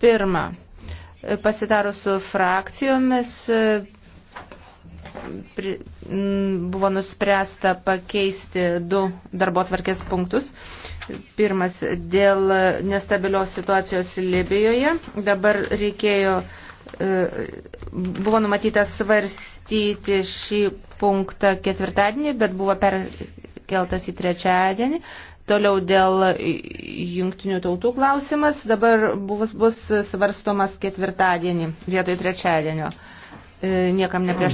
Pirma, pasitarus su frakcijomis buvo nuspręsta pakeisti du darbo tvarkės punktus. Pirmas, dėl nestabilios situacijos Libijoje. Dabar reikėjo, e, buvo numatyta svarstyti šį punktą ketvirtadienį, bet buvo perkeltas į trečiadienį. Toliau dėl jungtinių tautų klausimas dabar bus, bus svarstomas ketvirtadienį vietoj trečiadienio. E, niekam neprieš.